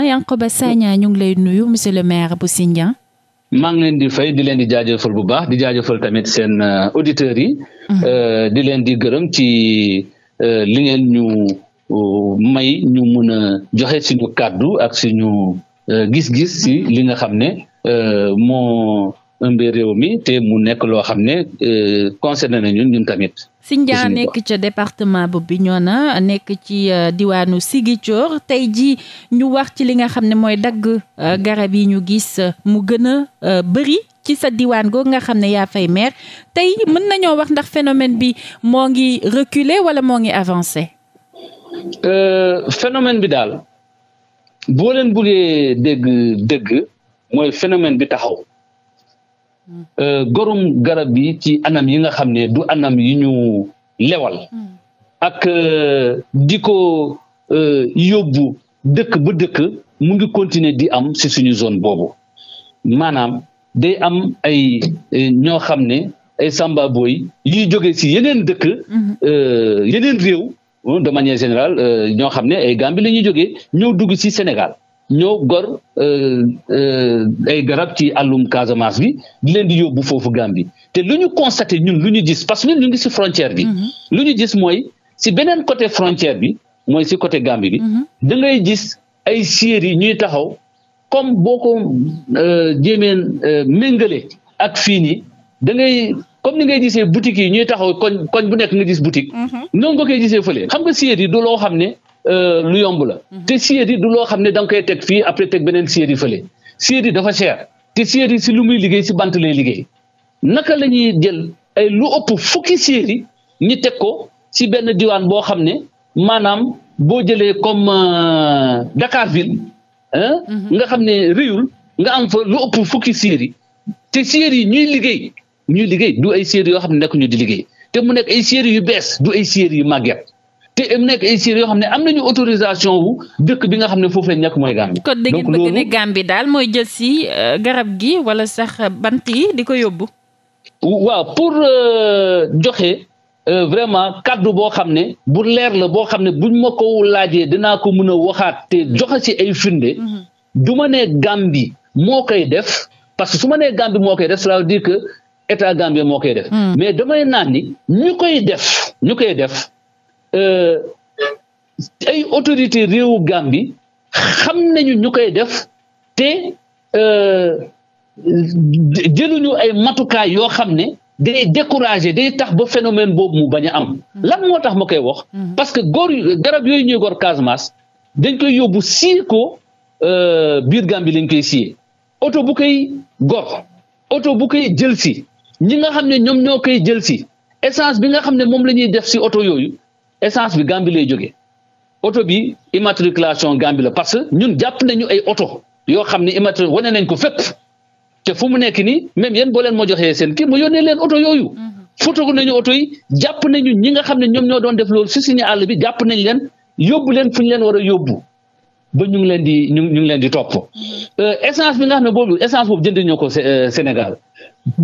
Ah, Yankoba Sagna ñu ngi lay nuyu monsieur le maire bu Sindian maa ngi leen di fay di leen di jaajëfal bu baax di jaajëfal tamit seen euh, auditeurs yi. Mm-hmm. Euh, di leen di gërëm ci euh, li ngeen ñu may ñu mun a joxe suñu kàddu ak suñu gis-gis si mm-hmm. li nga xam ne moo. ëmb réew mi te mu nekk loo xam ne euh, concerné na ñun ñun tamit. Sindia nekk ca département bu Bignona nekk ci euh, diwaanu Ziguinchor tey jii ñu wax ci li nga xam ne mooy dagg euh, garab yi ñu gis mu gën a bëri ci sa diwaan googu nga xam ne yaa fay maire tey mën nañoo wax ndax phénomène bi moo ngi reculer wala moo ngi avancer. phénomène bi daal boo leen buggee dégg dëgg mooy phénomène bi taxaw. Euh, gorum garab yi ci anam yi nga xam ne du anam yi ñu lewal hmm. ak euh, diko ko euh, yobu dëkk ba dëkk mu ngi continuer di am si suñu zone boobu maanaam day am ay ñoo xam ne ay samba yi yuy jógee ci yeneen dëkk hmm. yeneen réew de général générale ñoo xam ne ay Gambie la jóge jógee ñëw dugg ci Sénégal ñoo gor euh, euh, ay garab ci àllum Casamance bi di leen di yóbbu foofu Gambie te lu ñu constaté ñun lu ñu gis parce que ñu ngi si frontière bi. Mm-hmm. lu ñu gis mooy si beneen côté frontière bi mooy si côté Gambie bi. Mm-hmm. da ngay gis ay sièr yi ñuy taxaw comme boo ko euh, jéemee méngale ak fii nii da ngay comme ni ngay gisee boutique yi ñuy taxaw koñ koñ bu nekk nga gis boutique. Mm-hmm. noonu nga koy gisee fële xam nga sièr yi loo xam ne. Euh, lu yomb la mhm. te siège yi du loo xam ne da nga koy teg fii après teg beneen siège yi fële siège yi dafa cher te siège yi si lu muy liggéey si bant lay liggéey naka lañuy jël ay lu ëpp fukki siège yi teg ko si benn diwaan boo xam ne maanaam boo jëlee comme euh, Dakar ville mhm. nga xam ne réyul nga am fa lu ëpp fukki siège yi te siège yi ñuy liggéey ñuy liggéey du ay siège yoo xam ne nekk ñu di liggéey te mu nekk ay siège yu bees du ay siège yu màgget te mu nekk ay yoo xam ne am nañu autorisation wu dëkk bi nga xam ne foofu lañ nekk mooy Gambie. kon da ngeen bëgg daal mooy jël si euh, garab gi wala sax bant yi di ko yóbbu. waaw pour euh, joxe euh, vraiment kaddu boo xam ne bu leer la boo xam ne buñ ma ko laajee dinaa ko mën a waxaat te mm-hmm. joxe si ay firnde. Mm-hmm. du ma nee Gambie moo koy def parce que su ma nee Gambie moo koy def cela dire que état Gambie moo koy def. Mm. mais damay naan ni ñu koy def ñu koy def. Euh, ay autorité réewu Gambie xam nañu ñu koy def te euh, jëluñu ay matukaay yoo xam ne day décourager day tax ba phénomène boobu mu bañ a am lan moo tax ma koy wax mm-hmm. parce que gor garab yooyu ñuy gor Casamance dañ koy yóbbu sii ko euh, biir Gambie lañ koy siyee oto bu koy gor oto bu koy jël si ñi nga xam ne ñoom ñoo koy jël si essence bi nga xam ne moom la ñuy def si oto yooyu essence bi Gambie lay jóge oto bi immatriculation Gambie la parce que ñun jàpp nañu ay oto yoo xam ne immatriculation wane nañ ko fépp te fu mu nekk nii même yéen boo leen moo joxee seen kii mu yónnee leen oto yooyu. fotogu mm-hmm. nañu oto yi jàpp nañu ñi nga xam ne ñoom ñoo doon def loolu si suñu àll bi jàpp nañ leen yóbbu leen fu leen war a yóbbu ba ñu ngi leen di ñu ñu ngi leen di topp mm-hmm. euh, essence bi nga xam boobu essence boobu jënd ñoo ko euh, Sénégal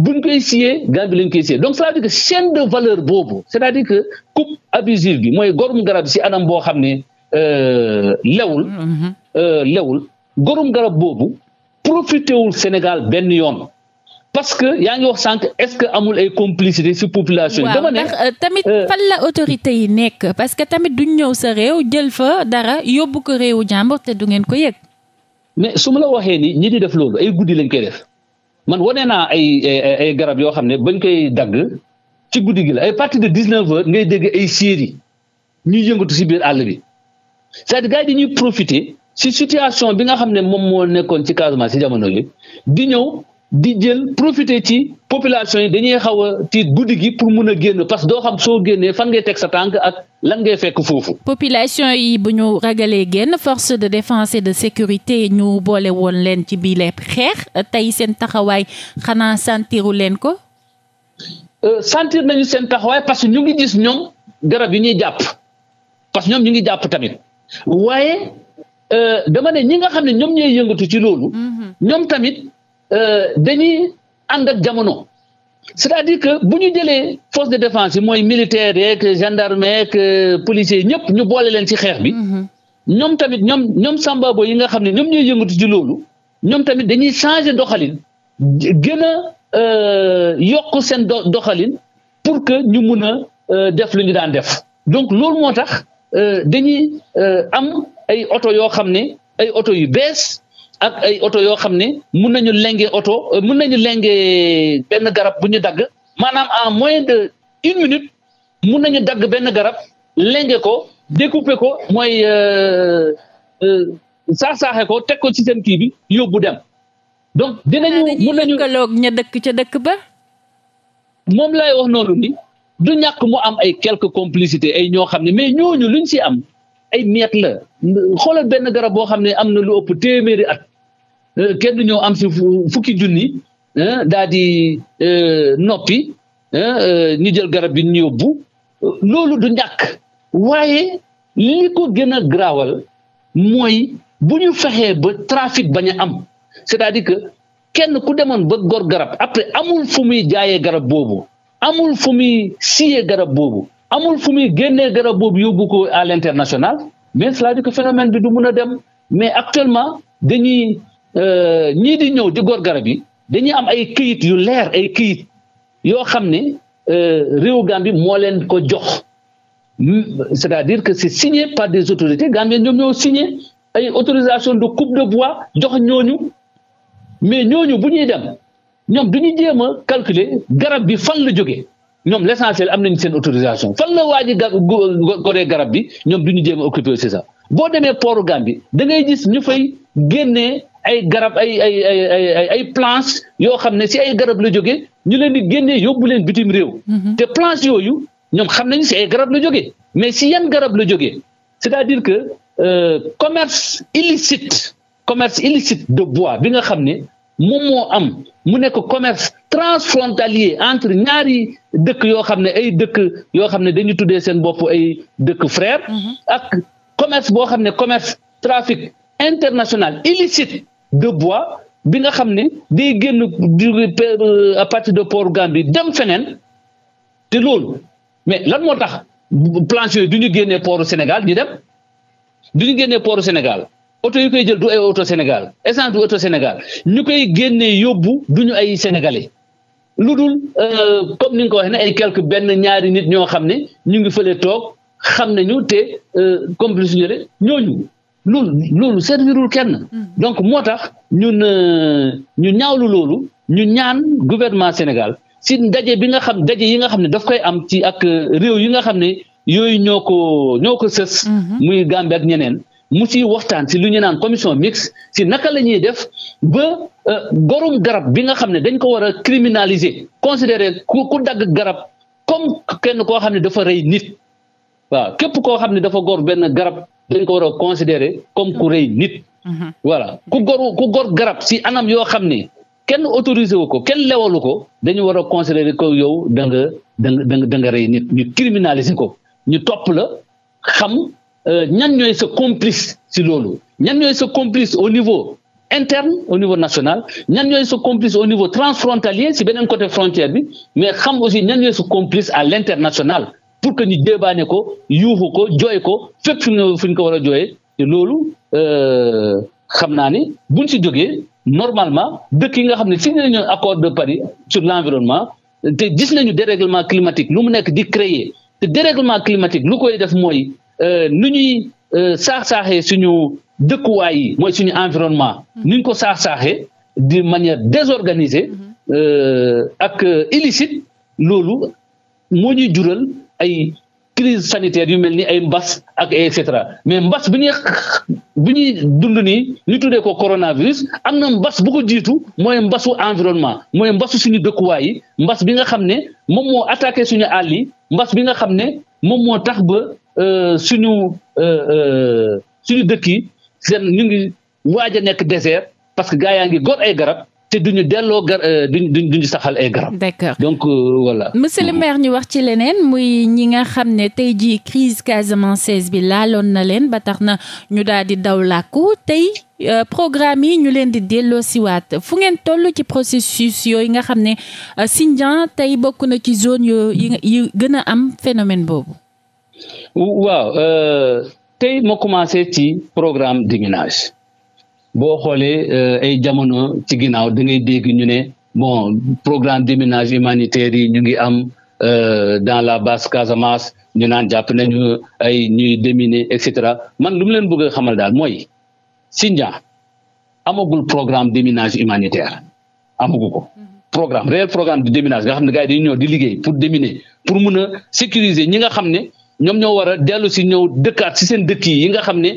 buñ koy siyee Gambie lañ koy siyee donc ça veut dire que chaîne de valeur boobu c'est-à-dire que coupe abusive bi mooy gorum garab si anam boo xam ne euh, lewul mm-hmm. lewul gorum garab boobu profité wul Sénégal benn yoon parce que yaa ngi wax sànq est-ce que amul ay complicité ci population yi. dama ne euh, tamit euh, fan la autorité yi nekk parce que tamit duñ ñëw sa réew jël fa dara yóbbu ko réewu jàmbur te du ngeen ko yëg. mais suma la waxee ni ñi di def loolu ay guddi lañ koy def man wane naa ay ay garab yoo xam ne bañ koy dagg ci guddi gi la ay partir de 19 heures ngay dégg ay série ñuy yëngatu si biir àll bi c'est-à-dire gars yi dañuy profiter ci situation bi nga xam ne moom moo nekkoon ci Casamance ci jamono yi di ñëw. di jël profiter ci population yi dañuy xaw a tiit guddi gi pour mun a génn parce que doo xam soo génnee fan ngee teg sa tànk ak lan ngay fekk foofu. population yi bu ñu ragalee génn force de défense et de sécurité ñu boole woon leen ci biir lépp xeex tey seen taxawaay xanaa santiru leen ko. Euh, sentir nañu seen taxawaay parce que ñu ngi gis ñoom garab yi ñuy jàpp parce que ñoom ñu ngi jàpp tamit waaye euh, dama ne ñi nga xam ne ñoom ñooy yëngatu ci loolu. Mhm. ñoom tamit. Euh, dañuy ànd ak jamono c'est-à-dire que bu ñu jëlee force de défense yi mooy militaire yeeg gendarme yeeg euh, policier yi ñëpp ñu boole leen ci xeex bi mm-hmm. ñoom tamit ñoom ñoom sambaabo yi nga xam ne ñoom ñooy yëngatu ci loolu ñoom tamit dañuy changer doxalin gën a euh, yokk seen doxalin pour que ñu mun a def lu ñu daan def donc loolu moo tax dañuy am ay oto yoo xam ne ay oto yu bees ak ay oto yoo xam ne mun nañu lenge oto mun nañu lenge benn garab bu ñu dagg maanaam en moins de une minute mun nañu dagg benn garab lenge ko découper ko mooy euh, euh, saasaaxe ko teg ko ci seen kii bi yóbbu dem donc dinañu mun nañu lëkkaloog ña dëkk ca dëkk ba moom lay wax noonu ni du ñàkk mu am ay quelques complicités ay ñoo xam ne mais ñooñu luñ si am ay miettes la xoolal benn garab boo xam ne am na lu ëpp téeméeri at euh, kenn ñëw am si fukki junni daa di euh, noppi euh, ñu jël garab bi ñu yóbbu loolu du ñàkk waaye li ko gën a garaawal mooy bu ñu fexee ba trafic ba a am cest à di que kenn ku demoon ba gor garab après amul fu muy jaayee garab boobu amul fu muy siyee garab boobu amul fu muy génnee garab boobu yóbbu ko à l'international mais cela dit que phénomène bi du mun a dem mais actuellement dañuy euh, ñii di ñëw di gor garab yi dañuy am ay këyit yu leer ay këyit yoo xam ne euh, réew Gambie moo leen ko jox c'est-à-dire que si signé par des autorités gambiennes ñoom ñoo signé ay autorisation de coupe de bois jox ñooñu mais ñooñu bu ñuy dem ñoom du ñu jéem a calculer garab bi fan la jógee ñoom l'essentiel am nañ seen autorisation fan la waa ji goree garab bi ñoom du ñu jéem a occupé c'est ça boo demee pooru Gambie da ngay gis ñu fay génnee ay garab ay ay ay ay ay planches yoo xam ne si ay garab la jógee ñu leen di génnee yóbbu leen bitim réew. Mm-hmm. te planches yooyu ñoom xam nañ si ay garab la jógee mais si yan garab la jógee c'est-à-dire que euh, commerce illicite commerce illicite de bois bi nga xam ne moom moo am mu nekk commerce. transfrontalier entre ñaari dëkk yoo xam ne ay dëkk yoo xam ne dañu tuddee seen bopp ay dëkk frère mhm. ak commerce boo xam ne commerce trafic international illicite de bois bi nga xam ne day génn euh, à partir de port Gambie dem feneen te loolu mais lan moo tax planches yooyu du ñu génnee port Sénégal ñu dem du ñu génnee port Sénégal oto yi koy jël du ay oto Sénégal essence du oto Sénégal ñu koy génnee yóbbu du ñu ay sénégalais lu dul euh, comme ni nga ko waxee ne ay quelque benn ñaari nit ñoo xam ne ñu ngi fële toog xam nañu te complice ñu ne ñooñu lu loolu servirul kenn. Mm. donc moo tax ñun euh, ñu ñaawlu loolu ñu ñaan gouvernement Sénégal si ndaje bi nga xam daje yi nga xam ne daf koy am ci ak euh, réew yi nga xam ne yooyu ñoo ko ñoo ko sës. Mm-hmm. muy Gambie ak ñeneen. mu ciy waxtaan ci lu ñu naan commission mixte ci naka la ñuy def ba gorum euh, garab bi nga xam ne dañ ko war a criminaliser considérer ku ku dagg garab comme kenn koo xam ne dafa rey nit waaw képp koo xam ne dafa gor benn garab dañ ko war a considérer comme ku rey nit mhm. voilà ku gor ku gor garab ci anam yoo xam ne kenn autorisé wu ko kenn lewalu ko dañu war a considérer ko yow danga nga da nga da nit ñu criminaliser ko ñu topp la xam Euh, ñan ñooy sa complice si loolu ñan ñooy sa complice au niveau interne au niveau national ñan ñooy sa complice au niveau transfrontalier si beneen côté frontière bi mais xam aussi ñan ñooy sa complice à l'international pour que ñu débaane ko yuuxu ko jooy ko fépp fu ñu fu ñu ko war a jooyee te loolu euh, xam naa ni buñ si jógee normalement dëkk yi nga xam ne signé nañu accord de Paris sur l'environnement te gis nañu dérèglement climatique lu mu nekk di créer te dérèglement climatique lu koy def mooy Euh, nu ñuy saax euh, saaxe suñu dëkkuwaay yi mooy suñu environnement mm-hmm. nu ñu ko saax saaxe de manière désorganisée mm-hmm. euh, ak illicite loolu moo ñuy jural ay crise sanitaire yu mel ni ay mbas ak et cetera mais mbas bi ñuy bi ñuy dund nii ñu tuddee ko coronavirus am na mbas bu ko jiitu mooy mbasu environnement mooy mbasu suñu dëkkuwaay yi mbas bi nga xam ne moom moo attaqué suñu àll yi mbas bi nga xam ne moom moo tax ba Euh, suñu euh, euh, suñu dëkk yi seen ñu ngi waaj nekk désert parce que gaa yaa ngi gor ay garab. te duñu delloo gar duñ duñu saxal ay garab. d'accord donc voilà. monsieur le mm-hmm. maire ñu wax ci leneen muy ñi nga xam ne tey jii crise casamançaise bi laaloon na leen ba tax na ñu daal di daw làkku tey programme yi ñu leen di delloo siwaat fu ngeen toll ci processus yooyu nga xam ne Sindian tey bokk na ci zone yu yi gën a am phénomène boobu. waaw euh, tey ma commencé ci programme d'éminage boo xoolee euh, ay jamono ci ginnaaw da ngay dégg ñu ne bon programme d'éminage humanitaire yi ñu ngi am euh, dans la basse Casamance ñu naan jàpp nañu ay ñuy déminer et cetera man lu mu leen bëgg a xamal daal mooy Sindia amagul programme déminage humanitaire amagu ko programme réel programme de déminage nga xam ne gars yi dañu di liggéey pour déminer pour mun a ñi nga xam ne ñoom ñoo war a dellu si ñëw dëkkaat si seen dëkk yi nga xam ne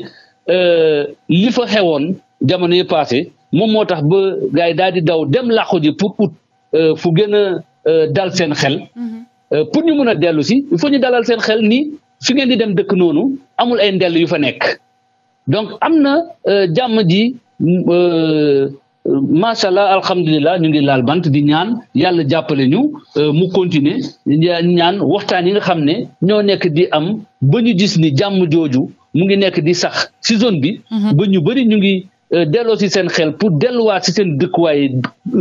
euh, li fa xewoon jamono yi passé moom moo tax ba gars yi daal di daw dem làqu ji pour ut euh, fu gën a euh, dal seen xel mm-hmm. pour ñu mën a dellu si il ñu dalal seen xel ni fi ngeen di dem dëkk noonu amul ay ndell yu fa nekk donc am na jàmm ji macha allah alhamdulilah ñu ngi laal bant di ñaan yàlla jàppale ñu euh, mu continuer ñaan waxtaan yi nga xam ne ñoo nekk di am ba ñu gis ni jàmm jooju mu ngi nekk di sax ci zone bi. Mhm. ba ñu bëri ñu ngi euh, delloo si seen xel pour delluwaat si seen dëkkuwaay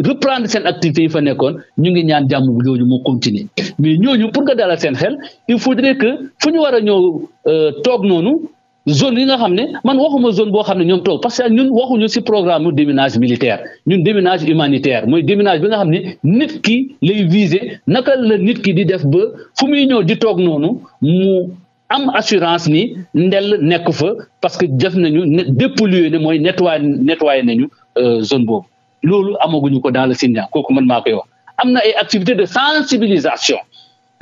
reprendre seen activités yi fa nekkoon ñu ngi ñaan jàmm jooju mu continuer mais ñooñu pour nga dalal seen xel il faudrait que fu ñu war a ñëw euh, toog noonu. zone yi nga xam ne man waxuma zone boo xam ne ñoom toog parce que ñun waxuñu ci programme mu déminage militaire ñun déminage humanitaire mooy déminage bi nga xam ne nit ki lay viser naka la nit ki di def ba fu muy ñëw di toog noonu mu am assurance ni ndel nekk fa parce que def nañu ne dépolluer ne mooy nettoyer nettoyer nañu euh, zone boobu loolu amaguñu ko dans le Sindian kooku man maa koy wax am na ay activité de sensibilisation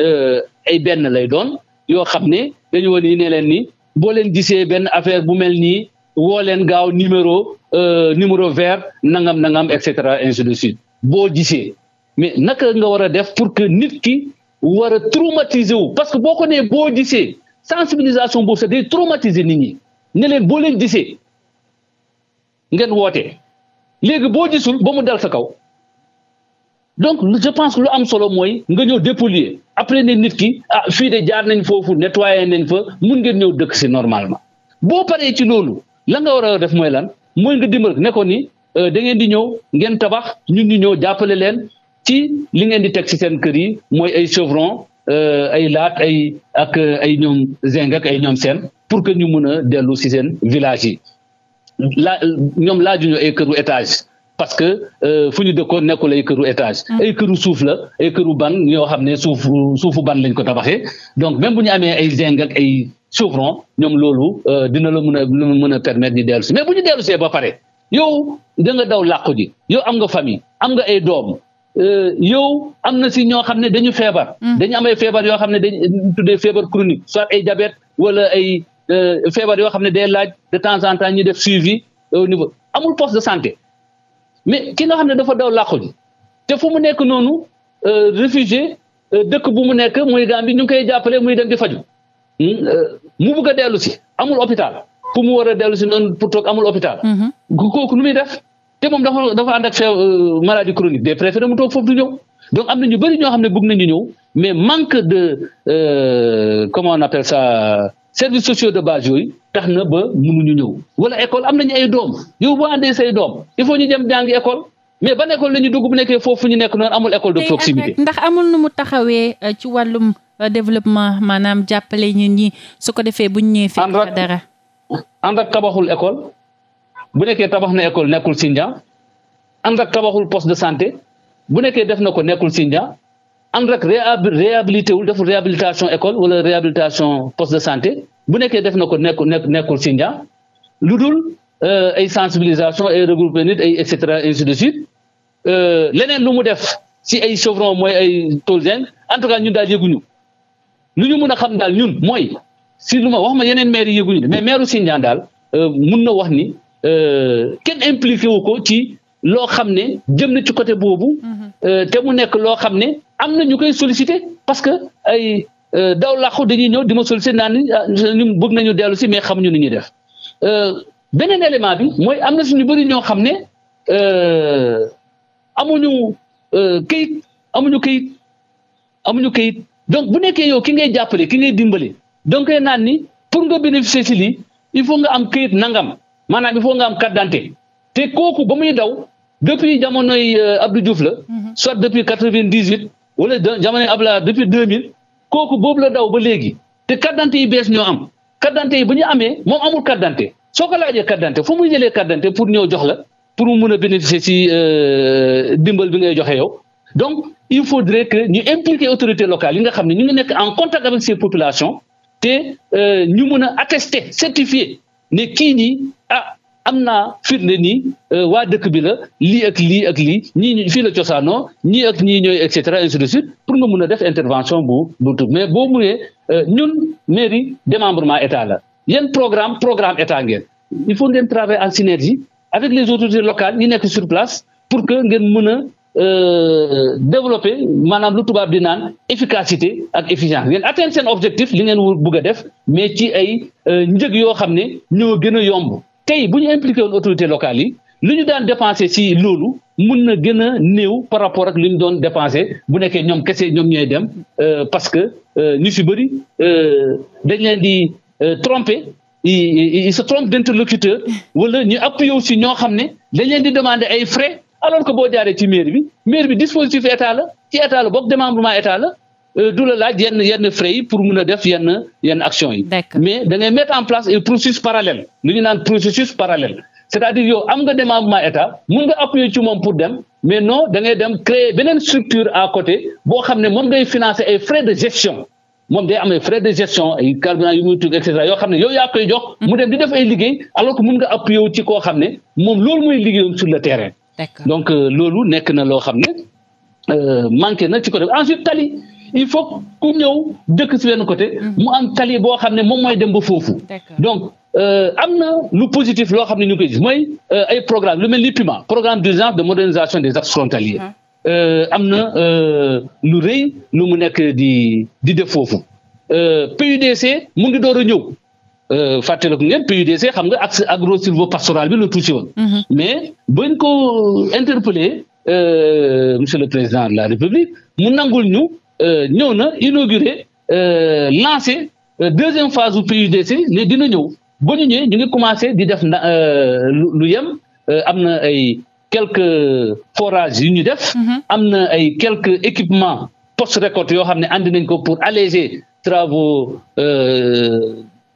euh, ay benn lay doon yoo xam ne dañu woon leen ni boo leen gisee benn affaire bu mel nii woo leen gaaw numéro euh, numéro vert nangam nangam et cetera ainsi de suite boo gisee mais naka nga war a def pour que nit ki war a traumatiser wu parce que boo ko nee boo gisee sensibilisation boobu c'est day traumatiser nit ñi ne leen boo leen gisee ngeen woote léegi boo gisul ba mu dal sa kaw donc je pense que lu am solo mooy nga ñëw dépolluer après ne nit ki ah fii de jaar nañ foofu nettoyé nañ fa mun ngeen ñëw dëkk si normalement boo paree ci loolu la nga war a def mooy lan mooy nga dimbal ne ko ni euh, da ngeen di ñëw ngeen tabax ñun ñu ñëw jàppale leen ci li ngeen di teg si seen kër yi mooy ay chevron euh, ay laat ay ak ay ñoom zinc ak ay ñoom seen pour que ñu mun a dellu si seen village yi la ñoom laajuñu ay këru étage parce que euh, fu ñu dëkkoon nekkul ay këru étage. Mm. ay këru suuf la ay këru ban yoo xam ne suuf suufu ban lañ ko tabaxee donc même bu ñu amee ay zinc ak ay chevron loolu euh, dina la mën a mën a permettre ñu dellu si mais bu see ba pare yow da nga daw làqu ji yow am nga famille am nga ay doom euh, yow am na si ñoo xam ne dañu feebar. Mm. dañu am feebar yoo xam ne dañ tuddee feebar chronique soit ay diabète wala ay feebar yoo xam ne day laaj de temps en temps ñu def suivi au niveau amul poste de santé. mais ki nga xam ne dafa daw làqu te fu mu nekk noonu euh, réfugié euh, dëkk bu mu nekk muy Gambie ñu ngi koy jàppale muy dem di faju hmm, euh, mu bugg a dellu si amul hôpital fu mu war a dellu si noonu pour toog amul hôpital mhm. kooku nu muy def te moom dafa dafa ànd ak feew maladie chronique des préféré mu toog foofu ñëw donc am na ñu bari ñoo xam ne bëgg nañu ñëw mais manque de comment on appelle ça service sociaux de base yooyu tax na ba ñu ñëw wala école am nañu ay doom yow boo àndee say doom il faut ñu dem jàngi école mais ba école na ñu dugg bu nekkee foofu ñu nekk noonu amul école de proximité. ndax amul nu mu taxawee euh, ci wàllum euh, développement maanaam jàppale ñun ñi su ko defee buñ ñëwee. fekk dara ànd ak tabaxul école bu nekkee tabax na école nekkul Sindia ànd ak tabaxul poste de santé bu nekkee def na ko nekkul Sindia ànd ak réhabilité wul deful réhabilitation école wala réhabilitation poste de santé bu nekkee def na ko nekkul nekkul si njàng lu dul euh, ay sensibilisation ay regroupé nit ay et cetera ainsi de suite euh, leneen lu mu def si ay chevron mooy ay tolzeng en tout cas ñun daal yëguñu lu ñu mën a xam daal ñun mooy si lu ma wax ma yeneen maire yi yëguñu mais maire Sindian daal euh, mun na wax ni kenn impliqué wu ko ci loo xam ne jëm na ci côté boobu mm-hmm. te mu nekk loo xam ne am na ñu koy solicité parce que ay euh, daw làqu dañuy ñëw di ma sollicité naan ah, ñu bëgg nañu dellu si mais xamuñu ni ñuy def euh, beneen élément bi mooy am na suñu bëri ñoo xam ne euh, amuñu kayit amuñu këyit amuñu kayit donc bu nekkee yow ki ngay jàppale ki ngay dimbali donc koy naan ni pour nga bénéficier si lii il faut nga am kayit nangam maanaam il faut nga am carte d'identité te kooku ba muy daw depuis jamonoy Abdou Diouf la mhm. soit depuis quatre-vingt-dix-huit wala jamono Abdoulaye depuis 2000 kooku boobu la daw ba léegi te carte d'identité yi bees ñoo am carte yi bu ñu amee moom amul carte d'identité soo ko laajee carte d'identité fu muy jëlee carte d'identité pour ñëw jox la pour mu mun a bénéficier si euh, dimbal bi ngay joxe yow donc il faut faudrait que ñu impliquer autorité locale yi nga xam ne ñu ngi nekk en contact avec ces populations te euh, ñu mun a attester certifier ne kii nii ah am naa firne nii euh, waa dëkk bi la lii ak lii ak lii ñii fii la cosaanoo ñii ak ñii ñooy et cetera pour nga mun a def intervention bu bu tub mais boo munee euh, ñun mairie demembrement état la yéen programme programme état ngeen il faut ngeen travailler en synergie avec les autorités locales yi nekk sur place pour que ngeen mën a euh, développer maanaam lu tubaab di naan efficacité ak efficience ngeen atteindre seen objectif li ngeen bëgg a def mais ci ay njëg yoo xam ne ñoo gën a yomb tey bu ñu impliqué woon autorités locales yi lu ñu daan dépensé si loolu mun na gën a néew par rapport ak li ñu doon dépensé bu nekkee ñoom kese ñoom ñooy dem euh, parce que euh, ñu si bëri euh, dañ leen di tromper il se trompe d'interlocuteur wala ñu appuyé wu si ñoo xam ne dañ leen di demander ay frais alors que boo jaaree ci maire bi maire bi dispositif état la ci état la bokk démembrement état la Euh, du la laaj yenn yenn frais yi pour mun a def yenn action yi. mais da ngay mettre en place un processus parallèle lu ñu naan processus parallèle c'est-à-dire yow am nga démembrement état mun nga appuyer ci ngay dem créer beneen à côté boo xam ne moom day financer ay frais de gestion. moom day am ay frais de gestion ay yoo xam ne yow yaa koy jox. mu dem di def ay liggéey alors que mun nga appuyer koo xam ne moom loolu mooy liggéeyam sur le terrain. donc euh, loolu nekk na loo xam ne euh, manqué na ci côté ensuite tali. il faut ku ñëw dëkk si benn côté mhm. am tali boo xam ne moom mooy dem ba foofu donc euh, am na lu positif loo xam ne ñu koy gis mooy euh, ay programme lu mel ni PUMA programme d'urgence de modernisation des axes frontaliers mhm. euh, am na lu rëy lu mu nekk di di def foofu PUDC mu ngi door a ñëw fàttaliku ngeen PUDC xam nga axe agro silvopastoral bi la touché woon mhm. mais bañ ko interpellé monsieur le président de la république mu nangul ñu Euh, ñëw na inauguré euh, lancé euh, deuxième phase bu PUDC ne dina ñëw ba ñëwee ñu ngi commencé di def na lu yem am na ay quelque forages yu ñu def. Mhm. am na ay quelques équipements post récolte yoo xam ne andi nañ ko pour alléger travaux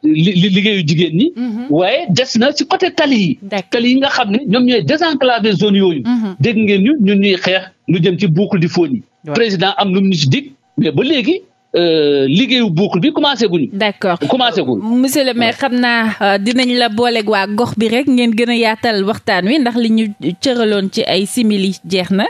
li liggéeyu jigéen ñi. Mhm. waaye des na si côté tali yi. tali yi nga xam ne ñoom ñooy désenclaver zone yooyu. Mhm. dégg ngeen ñu ñun ñuy xeex lu jëm ci boucle du Foni. président am lu mu ñu si dig mais ba léegi. Euh, liggéeyu boucle bi commencé guñu. d'accord commencé guñu. monsieur le maire xam naa euh, dinañ la booleeg waa gox bi rek ngeen gën a yaatal waxtaan wi ndax li ñu cëraloon ci ay simili jeex na.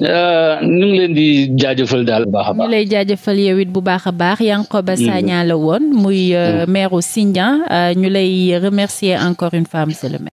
Euh, ñu ngi leen di jaajëfal daal bu baax a baax. ñu lay jaajëfal yow it bu baax a baax. Yankhoba Sagna la woon muy mm. maire u Sindian ñu lay remercier encore une fois monsieur le